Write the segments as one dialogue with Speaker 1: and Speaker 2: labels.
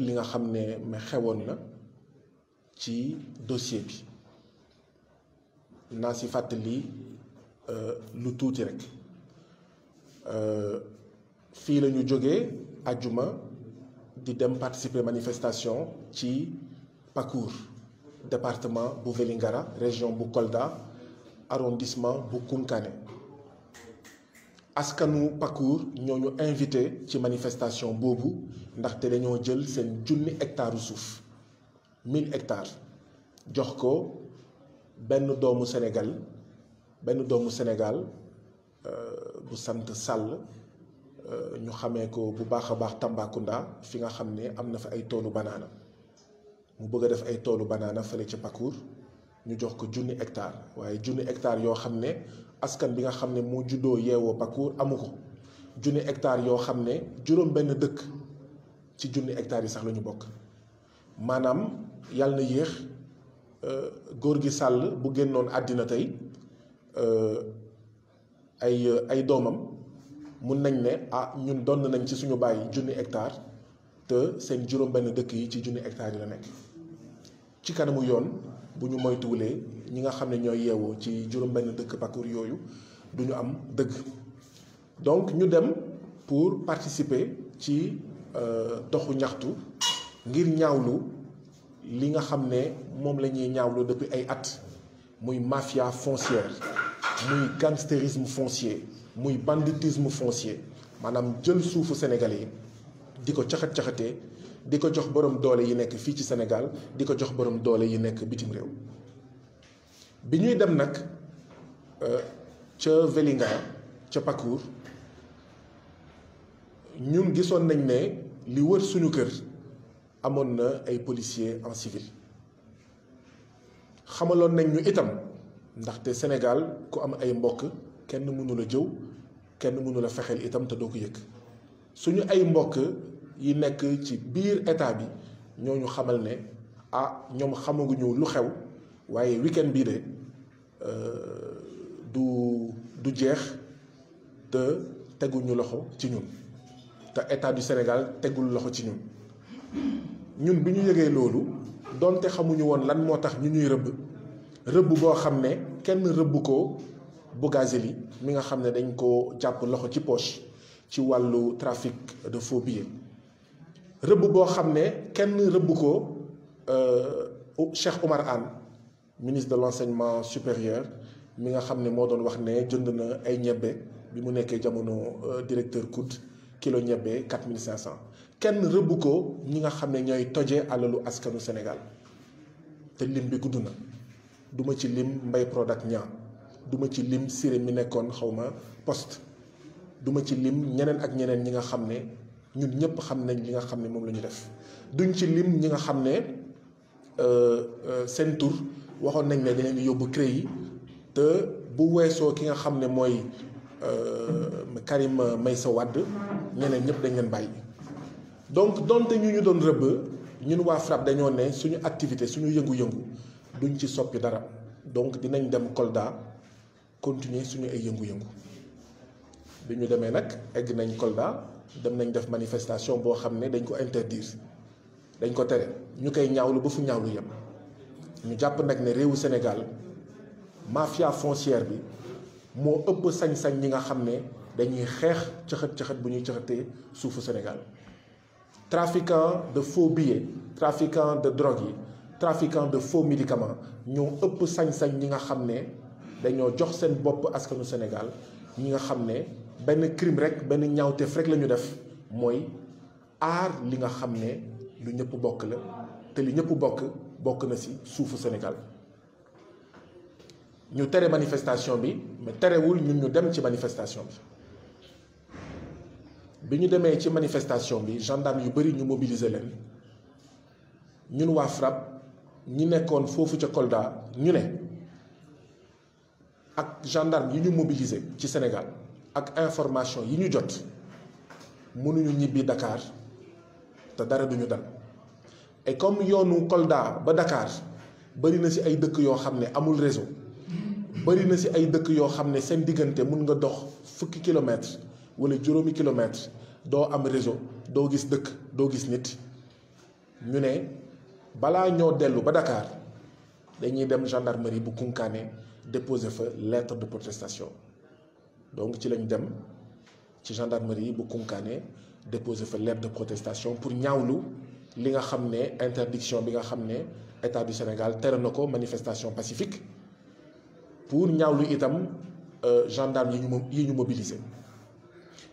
Speaker 1: li nga xam ne ma xewoon na ci dossier bi naa si fàttali euh, lu tuuti rek euh, fii la ñu jógee àjjuma di dem participer manifestation ci Pacour département bu Vélingara région bu Kolda arrondissement bu Kounkané askanu Pakour ñoo ñu invité ci manifestation boobu ndaxte dañoo jël seen junni hectares suuf 1000 hectares jox ko benn doomu Sénégal benn doomu Sénégal euh, bu sant Sall euh, ñu xamee ko bu baax a baax Tambacounda fi nga xam ne am na fa ay toolu banaana mu bëgg a def ay toolu banaana fële ci Pakour ñu jox ko junni hectares waaye junni hectares yoo xam ne. askan bi nga xam ne moo juddoo yeewoo Pakour amu ko junni hectare yoo xam ne juróom benn dëkk ci junni hectares yi sax la ñu bokk maanaam yàlla na yéex euh, góor gi sàll bu génnoon àddina tey euh, ay ay doomam mun nañ ne ah ñun donn nañ ci suñu bàyyi junni hectare te seen juróom benn dëkk yi ci junni hectares yi la nekk ci kanamu yoon bu ñu moytuwulee ñi nga xam ne ñooy yeewoo ci juróom-benn dëkk parcours yooyu du ñu am dëgg donc ñu dem pour participer ci euh, doxu ñaxtu ngir ñaawlu li nga xam ne moom la ñuy ñaawlu depuis ay at muy mafia foncière muy gangstérisme foncier muy banditisme foncier maanaam jël suufu Sénégalais yi di ko caxat-caxatee di ko jox borom doole yi nekk fii ci senegal di ko jox borom doole yi nekk bitim réew bi ñuy dem nag euh, ca Vélingara ca Pakour ñun gisoon nañ ne li wër suñu kër amoon na ay policiers en civil xamaloon nañ ñu itam ndaxte senegal ku am ay mbokk kenn mënu la jëw kenn mënula la fexeel itam te doo ko yëg suñu ay mbokk yi nekk ci biir état bi ñoo ñu xamal ne ah ñoom xamaguñu lu xew waaye weekend bii de euh, du du jeex te teguñu loxo ci ñun te état du Sénégal tegul loxo ci ñun ñun bi ñu yëgee loolu donte xamuñu woon lan moo tax ñu ñuy rëbb rëbb boo xam ne kenn rëbb ko Bougazelli mi nga xam ne dañ ko jàpp loxo ci poche ci wàllu trafic de faux rëbb boo xam ne kenn rëbb ko euh, Cheikh Oumar Anne ministre de l'enseignement supérieur mi nga xam ne moo doon wax ne jënd na ay ñebbe bi mu nekkee jamono euh, directeur COUD kilo ñebbe quatre mille cinq cent kenn rëbb ko ñi nga xam ne ñooy toje alalu askanu Sénégal te lim bi gudd na duma ci lim mbay Prodac ñaa duma ci lim Siré mi nekkoon xawma ma duma ci lim ñeneen ak ñeneen ñi nga xam ne ñun ñëpp xam nañ li nga xam ne moom la ñu def duñ ci lim ñi nga xam ne euh, euh, seen tur waxoon nañ ne dinañ yóbbu CREI yi te bu weesoo ki nga xam ne mooy euh, Karim Meïssa Wade ñeneen ñëpp dañ leen bàyyi. donc donte ñu ñu doon rëbb ñun waa FRAPP dañoo ne suñu activité suñu yëngu-yëngu duñ ci soppi dara donc dinañ dem Kolda continuer suñu ay yëngu-yëngu bi ñu demee nag egg nañ Kolda. dem nañ def manifestation boo xam ne dañ ko interdire dañ ko tere ñu koy ñaawlu ba fu ñaawlu yem ñu jàpp nag ne réewu Sénégal mafia foncière bi moo ëpp sañ-sañ ñi nga xam ne dañuy xeex cëxët cëxët bu ñuy cëxëtee suufu Sénégal trafiquant de faux billets trafiquant de drogue yi trafiquant de faux médicaments ñoo ëpp sañ-sañ ñi nga xam ne dañoo jox seen bopp askanu Sénégal ñi nga xam ne benn crime rek benn ñaawteef rek la def mooy aar li nga xam ne lu ñëpp bokk la te li ñëpp bokk bokk na si suufu Sénégal ñu tere manifestation bi mais terewul ñun ñu dem ci manifestation bi ñu demee ci manifestation bi gendarme yu bëri ñu mobiliser leen ñun waa FRAPP ñi nekkoon foofu ca Kolda ñu ne ak gendarme yi ñu mobilise ci Sénégal ak information yi ñu jot mënuñu ñibbi dakaar te dara duñu dal et comme yoonu Kolda ba dakaar bëri na si ay dëkk yoo xam ne amul réseau bëri na si ay dëkk yoo xam ne seen diggante mun nga dox fukki kilomètres wala juróomi kilomètres doo am réseau doo gis dëkk doo gis nit ñu ne balaa ñoo dellu ba dakaar dañuy dem gendarmerie bu Kounkané déposer fa lettre de protestation donc ci lañu dem ci gendarmerie bu Kounkané déposer fa lettre de protestation pour ñaawlu li nga xam ne interdiction bi nga xam ne état du Sénégal tere na ko manifestation pacifique pour ñaawlu itam euh, gendarme yi ñu yi ñu mobiliser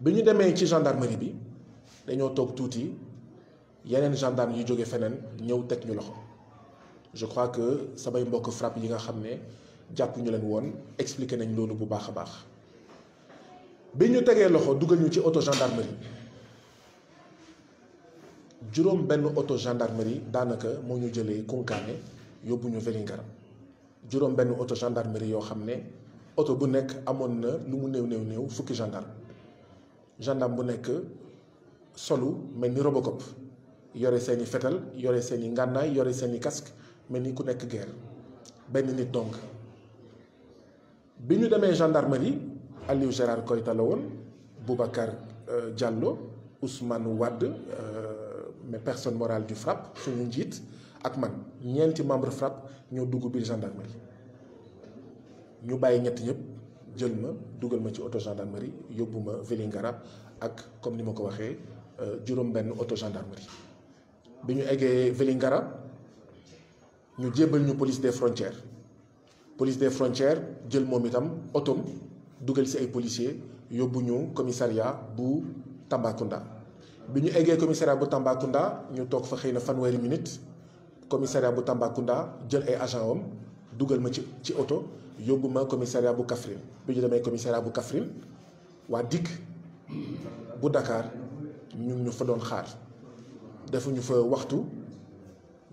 Speaker 1: bi ñu demee ci gendarmerie bi dañoo toog tuuti yeneen gendarme yu jóge feneen ñëw teg ñu loxo je crois que samay mbokk frappe yi nga xam ne jàpp ñu leen woon expliqué nañ loolu bu baax a baax. bi ñu tegee loxo dugal ñu ci auto gendarmerie juróom benn auto gendarmerie daanaka moo ñu jëlee Koungkané yóbbu ñu Vélingara juróom benn auto gendarmerie yoo xam ne auto bu nekk amoon na lu mu néew néew néew fukki gendarme gendarme bu nekk solu mel ni Robocop yore seeni fetal yore seeni ngànnaay yore seeni kask mel ni ku nekk guerre benn nit donc bi ñu demee gendarmerie Aliou Gérard Koïta la woon Boubacar euh, Diallo Ousmane Wade euh, mais personne morale du FRAPP suñu njiit ak man ñeenti membre FRAPP ñoo dugg biir gendarmerie ñu bàyyi ñett ñëpp jël ma dugal ma ci auto gendarmerie yóbbu ma garab ak comme ni ma ko waxee euh, juróom-benn auto gendarmerie bi ñu eggee garab ñu jébbal ñu police des frontières police des frontière jël moom itam otom dugal si ay policiers yóbbu ñu commissariat bu Tambacounda bi ñu eggee commissariat bu Tambacounda ñu toog fa xëy na fanweeri minute commissariat bu Tambacounda jël ay agent am dugal ma ci ci oto yóbbu ma commissariat bu Kaffrine bi ñu demee commissariat bu kafrin waa dikk bu dakaar ñu ñu fa doon xaar defuñu fa waxtu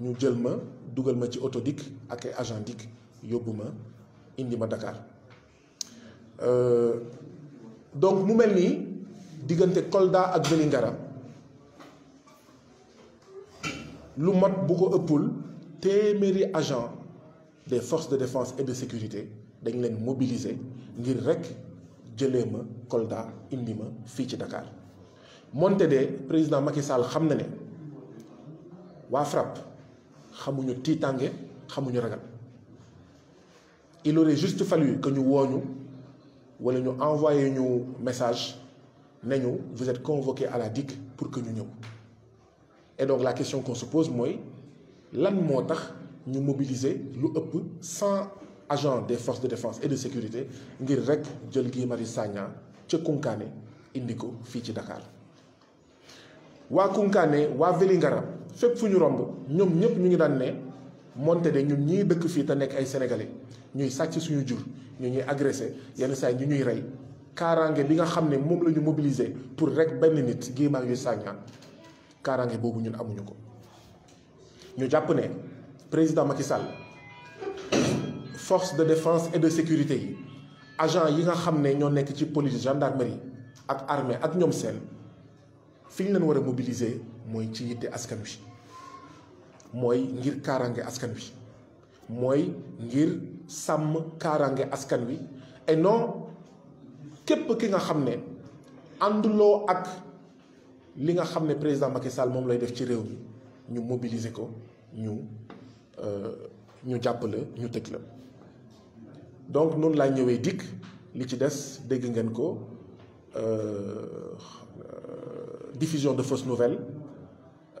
Speaker 1: ñu jël ma dugal ma ci oto dikk ak ay agent dikk yóbbu ma indi ma Dakar Euh, donc mu mel nii diggante Kolda ak Vélingara lu mat bu ko ëppul téeméeri agent des force de défense et de sécurité dañ leen mobiliser ngir rek jële ma Kolda indi ma fii ci Dakar moonte de président Macky Sall xam na ne waa FRAPP xamuñu tiitange xamuñu ragal il aurait juste fallu que ñu wooñu wala ñu envoyé ñu message ne ñu vous êtes convoqué à la DIC pour que ñu ñëw et donc la question qu'on se mooy lan moo tax ñu mobiliser lu ëpp cent agents des forces de défense et de sécurité ngir rek jël Guy Marius Sagna ca Koungkané indi ko fii ci ndakaar waa Koungkané waa Vélingara fépp fu ñu romb ñoom ñëpp ñu ngi daan ne. moonte de ñun ñii dëkk fii te nekk ay sénégalais ñuy sàcc suñu jur ñu ñuy agressé yenn saa yi ñu ñuy rey kaaraange bi nga xam ne moom lañu ñu mobiliser pour rek benn nit Guy Marius Sagna kaaraange boobu ñun amuñu ko. ñu jàpp ne président Macky Sall force de défense et de sécurité yi agent yi nga xam ne ñoo nekk ci police gendarmerie ak armée ak ñoom seen fi ñu leen war a mobiliser mooy ci yitte askan wi. mooy ngir kaarange askan wi mooy ngir sàmm kaarange askan wi et non képp ki nga xam ne ànduloo ak li nga xam ne président Macky Sall moom lay def ci réew mi ñu mobiliser ko ñu euh, ñu jàppale ñu tëj la donc noonu laa ñëwee dikk li ci des dégg ngeen ko euh, diffusion de fausses nouvelles.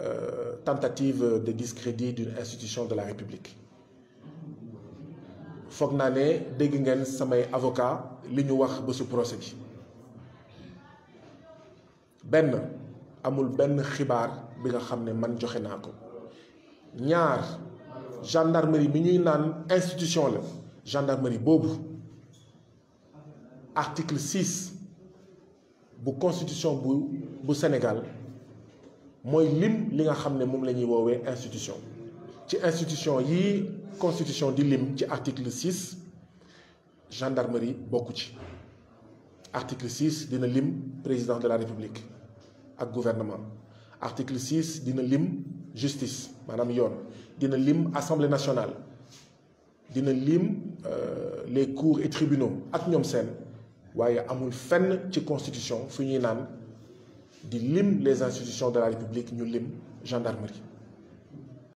Speaker 1: Euh, tentative de discrédit d'une institution de la République foog naa ne dégg ngeen samay avocat li ñu wax ba su procès bi benn amul benn xibaar bi nga xam ne man joxe naa ko ñaar gendarmerie bi ñuy naan institution la gendarmerie boobu article six bu constitution bu bu senegal mooy lim li nga xam ne moom la ñuy woowee institution ci institution yi constitution di lim ci article six gendarmerie bokku ci article six dina lim président de la république ak gouvernement article six dina lim justice maanaam yoon dina lim assemblée nationale dina lim euh, les cours et tribunaux ak ñoom seen waaye amul fenn ci constitution fu ñuy naan di lim les institutions de la République ñu lim gendarmerie